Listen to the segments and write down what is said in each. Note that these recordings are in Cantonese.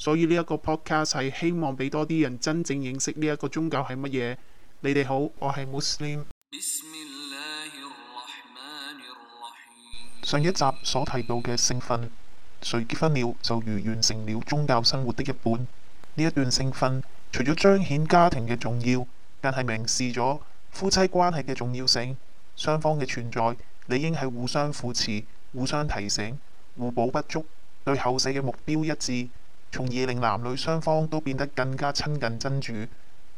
所以呢一個 podcast 係希望俾多啲人真正認識呢一個宗教係乜嘢。你哋好，我係 Muslim。上一集所提到嘅聖訓，誰結婚了，就如完成了宗教生活的一半。呢一段聖訓除咗彰顯家庭嘅重要，更係明示咗夫妻關係嘅重要性，雙方嘅存在理應係互相扶持、互相提醒、互補不足，對後世嘅目標一致。從而令男女雙方都變得更加親近真主，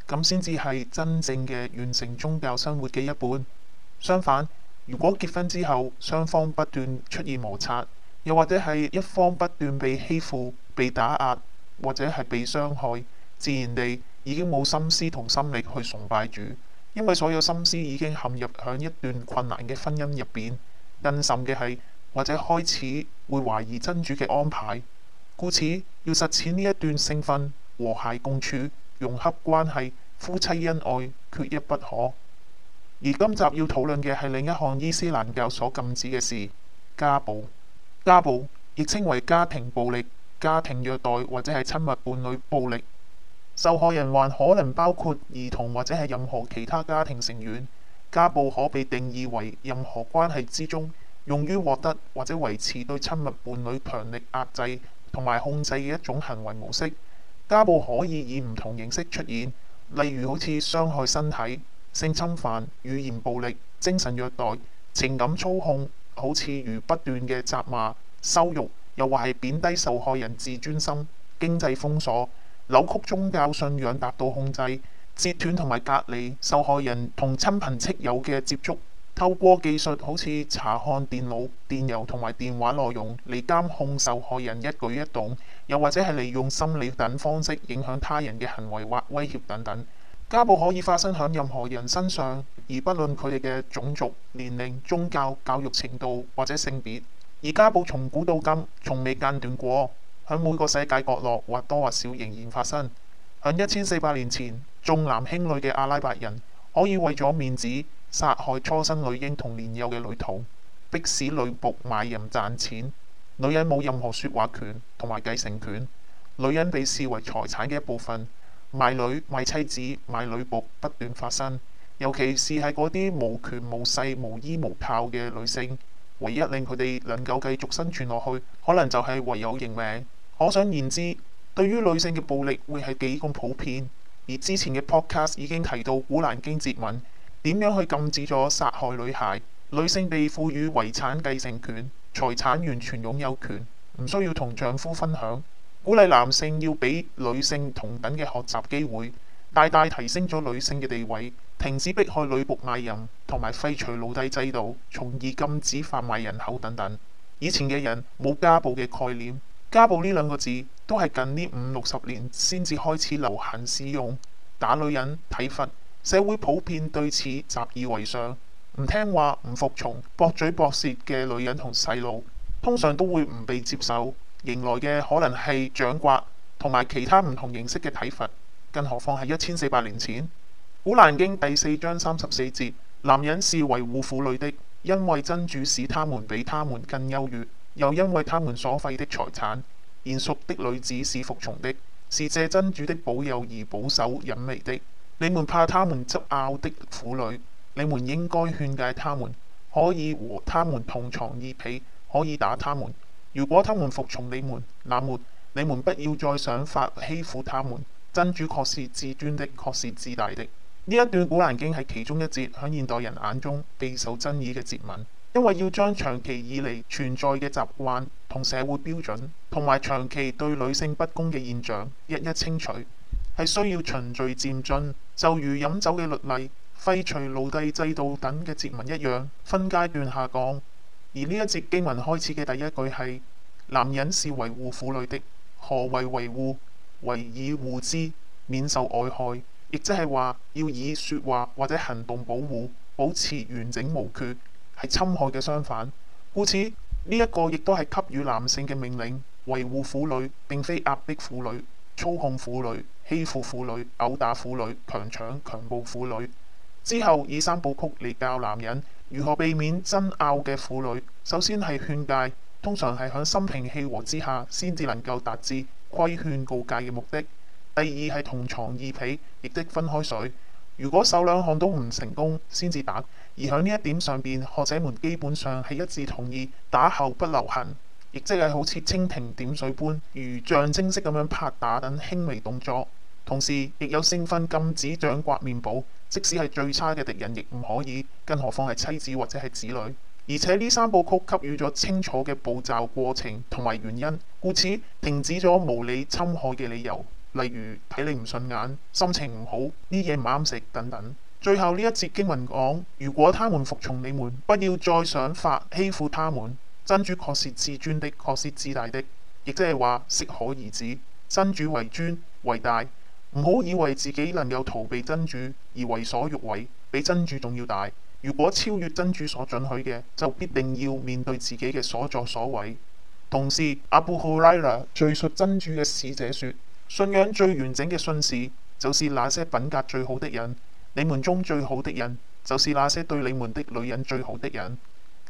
咁先至係真正嘅完成宗教生活嘅一半。相反，如果結婚之後雙方不斷出現摩擦，又或者係一方不斷被欺負、被打壓，或者係被傷害，自然地已經冇心思同心力去崇拜主，因為所有心思已經陷入響一段困難嘅婚姻入邊，更甚嘅係，或者開始會懷疑真主嘅安排。故此，要實踐呢一段聖訓，和諧共處、融洽關係、夫妻恩愛，缺一不可。而今集要討論嘅係另一項伊斯蘭教所禁止嘅事——家暴。家暴亦稱為家庭暴力、家庭虐待或者係親密伴侶暴力。受害人還可能包括兒童或者係任何其他家庭成員。家暴可被定義為任何關係之中用於獲得或者維持對親密伴侶強力壓制同埋控制嘅一種行為模式，家暴可以以唔同形式出現，例如好似傷害身體，性侵犯、語言暴力、精神虐待、情感操控，好似如不斷嘅責罵、羞辱，又或係貶低受害人自尊心、經濟封鎖、扭曲宗教信仰達到控制、截斷同埋隔離受害人同親朋戚友嘅接觸。透過技術，好似查看電腦、電郵同埋電話內容嚟監控受害人一舉一動，又或者係利用心理等方式影響他人嘅行為或威脅等等。家暴可以發生喺任何人身上，而不論佢哋嘅種族、年齡、宗教、教育程度或者性別。而家暴從古到今從未間斷過，喺每個世界角落或多或少仍然發生。喺一千四百年前，重男輕女嘅阿拉伯人可以為咗面子。殺害初生女嬰同年幼嘅女童，迫使女僕賣淫賺錢，女人冇任何說話權同埋繼承權，女人被視為財產嘅一部分，賣女、賣妻子、賣女僕不斷發生，尤其是係嗰啲無權無勢、無依無靠嘅女性，唯一令佢哋能夠繼續生存落去，可能就係唯有認命。可想而知，對於女性嘅暴力會係幾咁普遍，而之前嘅 podcast 已經提到古蘭經《古蘭經》節文。點樣去禁止咗殺害女孩？女性被賦予遺產繼承權、財產完全擁有權，唔需要同丈夫分享。鼓勵男性要俾女性同等嘅學習機會，大大提升咗女性嘅地位。停止迫害女僕賣淫同埋廢除奴隸制度，從而禁止販賣人口等等。以前嘅人冇家暴嘅概念，家暴呢兩個字都係近呢五六十年先至開始流行使用，打女人體罰。社會普遍對此習以為常，唔聽話、唔服從、駁嘴駁舌嘅女人同細路，通常都會唔被接受，迎來嘅可能係掌摑，同埋其他唔同形式嘅體罰。更何況係一千四百年前，古蘭經第四章三十四節：男人是維護婦女的，因為真主使他們比他們更優越，又因為他們所費的財產。賢淑的女子是服從的，是借真主的保佑而保守隱微的。你們怕他們執拗的婦女，你們應該勸戒他們，可以和他們同床異被，可以打他們。如果他們服從你們，那末你們不要再想法欺負他們。真主確是至尊的，確是至大的。呢一段古蘭經係其中一節，喺現代人眼中備受爭議嘅節文，因為要將長期以嚟存在嘅習慣同社會標準，同埋長期對女性不公嘅現象，一一清除。係需要循序漸進，就如飲酒嘅律例、廢除奴隸制度等嘅節文一樣，分階段下講。而呢一節經文開始嘅第一句係：男人是維護婦女的，何為維護？維以護之，免受外害，亦即係話要以說話或者行動保護，保持完整無缺，係侵害嘅相反。故此呢一個亦都係給予男性嘅命令，維護婦女，並非壓迫婦女、操控婦女。欺負婦女、毆打婦女、強搶、強暴婦女，之後以三部曲嚟教男人如何避免爭拗嘅婦女。首先係勸戒，通常係喺心平氣和之下先至能夠達至規勸告戒嘅目的。第二係同床異被，亦即分開睡。如果首兩項都唔成功，先至打。而喺呢一點上邊，學者們基本上係一致同意打後不留痕。亦即係好似蜻蜓點水般，如象徵式咁樣拍打等輕微動作。同時，亦有聖訓禁止掌摑面部，即使係最差嘅敵人，亦唔可以，更何況係妻子或者係子女。而且呢三部曲給予咗清楚嘅步驟過程同埋原因，故此停止咗無理侵害嘅理由，例如睇你唔順眼、心情唔好、啲嘢唔啱食等等。最後呢一節經文講：如果他們服從你們，不要再想法欺負他們。真主確是至尊的，確是至大的，亦即係話適可而止，真主為尊為大，唔好以為自己能夠逃避真主而為所欲為，比真主仲要大。如果超越真主所准許嘅，就必定要面對自己嘅所作所為。同時，阿布·侯拉勒敘述真主嘅使者說：「信仰最完整嘅信士，就是那些品格最好的人；你們中最好的人，就是那些對你們的女人最好的人。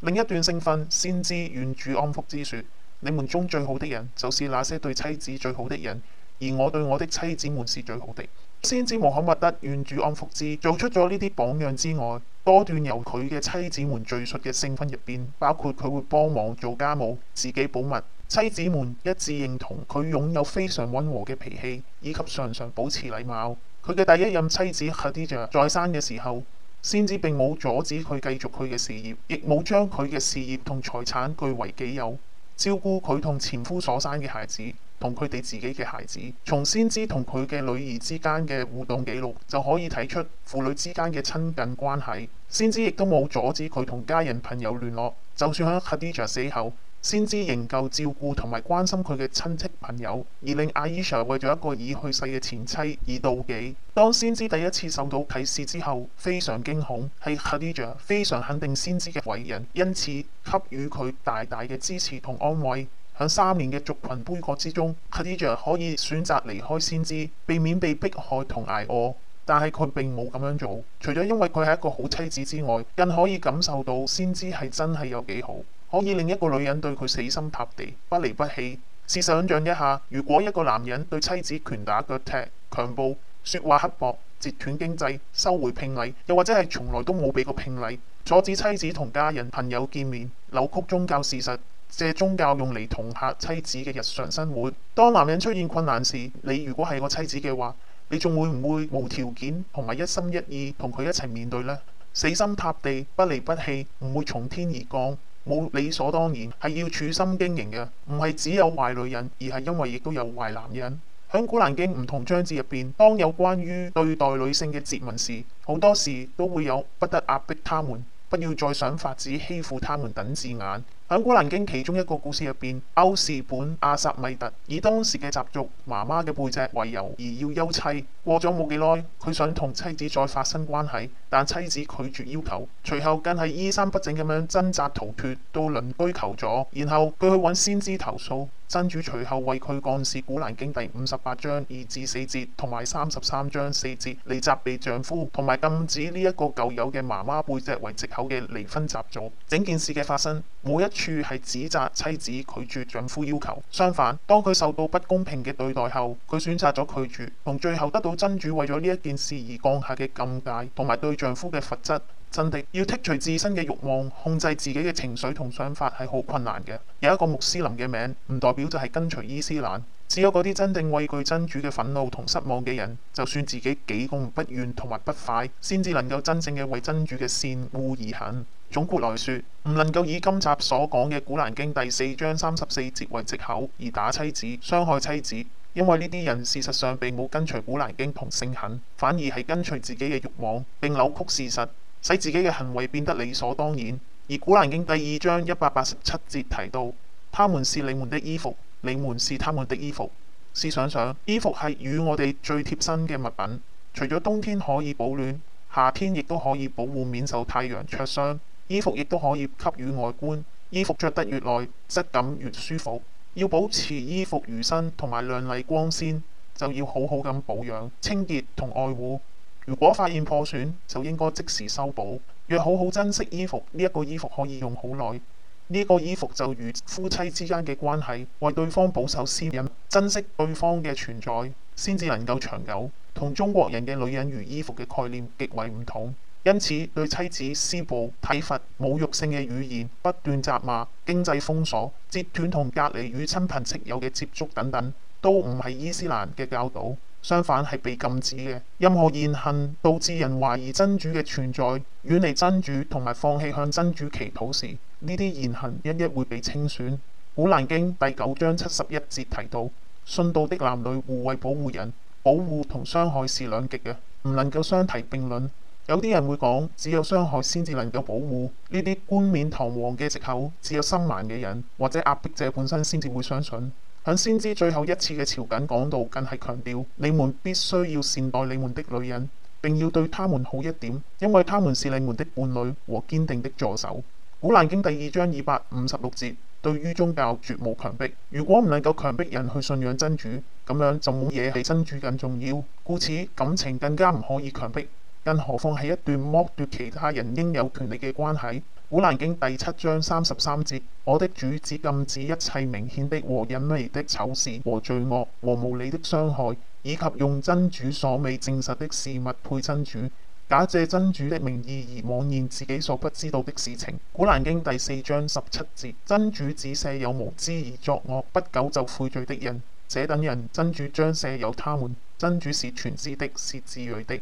另一段聖訓，先知願主安福之說，你們中最好的人，就是那些對妻子最好的人，而我對我的妻子們是最好的。先知穆罕默德願主安福之做出咗呢啲榜樣之外，多段由佢嘅妻子們敘述嘅聖訓入邊，包括佢會幫忙做家務，自己保密。妻子們一致認同佢擁有非常温和嘅脾氣以及常常保持禮貌。佢嘅第一任妻子哈迪嘉在生嘅時候。先知並冇阻止佢繼續佢嘅事業，亦冇將佢嘅事業同財產據為己有，照顧佢同前夫所生嘅孩子同佢哋自己嘅孩子。從先知同佢嘅女兒之間嘅互動記錄就可以睇出父女之間嘅親近關係。先知亦都冇阻止佢同家人朋友聯絡，就算喺 Khadija 死後。先知仍舊照顧同埋關心佢嘅親戚朋友，而令阿伊莎為咗一個已去世嘅前妻而妒忌。當先知第一次受到啟示之後，非常驚恐。係卡迪亞非常肯定先知嘅為人，因此給予佢大大嘅支持同安慰。喺三年嘅族群杯葛之中，卡迪亞可以選擇離開先知，避免被迫害同捱餓，但係佢並冇咁樣做。除咗因為佢係一個好妻子之外，更可以感受到先知係真係有幾好。可以令一個女人對佢死心塌地、不離不棄。試想象一下，如果一個男人對妻子拳打腳踢、強暴、說話刻薄、截斷經濟、收回聘禮，又或者係從來都冇俾過聘禮，阻止妻子同家人、朋友見面，扭曲宗教事實，借宗教用嚟恫嚇妻子嘅日常生活。當男人出現困難時，你如果係個妻子嘅話，你仲會唔會無條件同埋一心一意同佢一齊面對呢？死心塌地、不離不棄，唔會從天而降。冇理所當然，係要處心經營嘅，唔係只有壞女人，而係因為亦都有壞男人。喺《古蘭經》唔同章節入邊，當有關於對待女性嘅節文時，好多時都會有不得壓迫她們，不要再想法子欺負她們等字眼。喺《古蘭經》其中一個故事入邊，歐士本阿薩米特以當時嘅習俗，媽媽嘅背脊為由而要休妻。過咗冇幾耐，佢想同妻子再發生關係，但妻子拒絕要求。隨後更係衣衫不整咁樣掙扎逃脫，到鄰居求助，然後佢去搵先知投訴。真主隨後為佢降示《古蘭經》第五十八章二至四節，同埋三十三章四節，嚟責備丈夫，同埋禁止呢一個舊有嘅媽媽背脊為藉口嘅離婚習俗。整件事嘅發生，冇一處係指責妻子拒絕丈夫要求，相反，當佢受到不公平嘅對待後，佢選擇咗拒絕，同最後得到真主為咗呢一件事而降下嘅禁戒，同埋對丈夫嘅罰則。真的要剔除自身嘅欲望，控制自己嘅情緒同想法，係好困難嘅。有一個穆斯林嘅名唔代表就係跟隨伊斯蘭，只有嗰啲真正畏懼真主嘅憤怒同失望嘅人，就算自己幾咁不願同埋不快，先至能夠真正嘅為真主嘅善惡而行。總括來說，唔能夠以今集所講嘅《古蘭經》第四章三十四節為借口而打妻子、傷害妻子，因為呢啲人事實上並冇跟隨古蘭經同聖行，反而係跟隨自己嘅欲望並扭曲事實。使自己嘅行為變得理所當然。而《古蘭經》第二章一百八十七節提到：「他們是你們的衣服，你們是他們的衣服。試想想，衣服係與我哋最貼身嘅物品，除咗冬天可以保暖，夏天亦都可以保護免受太陽灼傷。衣服亦都可以給予外觀，衣服着得越耐，質感越舒服。要保持衣服如新同埋亮麗光鮮，就要好好咁保養、清潔同愛護。如果發現破損，就應該即時修補。若好好珍惜衣服，呢一個衣服可以用好耐。呢個衣服就如夫妻之間嘅關係，為對方保守私隱，珍惜對方嘅存在，先至能夠長久。同中國人嘅女人如衣服嘅概念極為唔同，因此對妻子施暴、體罰、侮辱性嘅語言、不斷責罵、經濟封鎖、截斷同隔離與親朋戚友嘅接觸等等，都唔係伊斯蘭嘅教導。相反係被禁止嘅。任何言行導致人懷疑真主嘅存在，遠離真主同埋放棄向真主祈禱時，呢啲言行一一會被清算。古蘭經第九章七十一節提到：信道的男女互為保護人。保護同傷害是兩極嘅，唔能夠相提並論。有啲人會講，只有傷害先至能夠保護，呢啲冠冕堂皇嘅藉口，只有心盲嘅人或者壓迫者本身先至會相信。響先知最後一次嘅朝覲講道，更係強調你們必須要善待你們的女人，並要對他們好一點，因為他們是你們的伴侶和堅定的助手。古蘭經第二章二百五十六節，對於宗教絕無強迫，如果唔能夠強迫人去信仰真主，咁樣就冇嘢比真主更重要，故此感情更加唔可以強迫，更何況係一段剝奪其他人應有權利嘅關係。古蘭經第七章三十三節：我的主只禁止一切明顯的和隱微的醜事和罪惡和無理的傷害，以及用真主所未證實的事物配真主，假借真主的名義而妄言自己所不知道的事情。古蘭經第四章十七節：真主只赦宥無知而作惡不久就悔罪的人，這等人真主將赦宥他們。真主是全知的，是智慧的。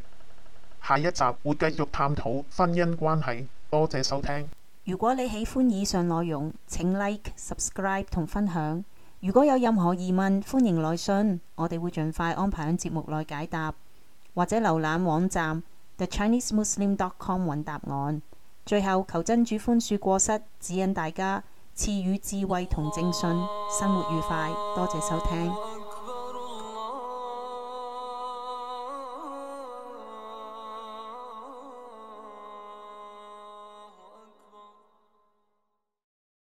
下一集會繼續探討婚姻關係，多謝收聽。如果你喜歡以上內容，請 like、subscribe 同分享。如果有任何疑問，歡迎來信，我哋會盡快安排喺節目內解答，或者瀏覽網站 thechinesemuslim dot com 揾答案。最後，求真主寬恕過失，指引大家賜予智，智慧同正信，生活愉快。多謝收聽。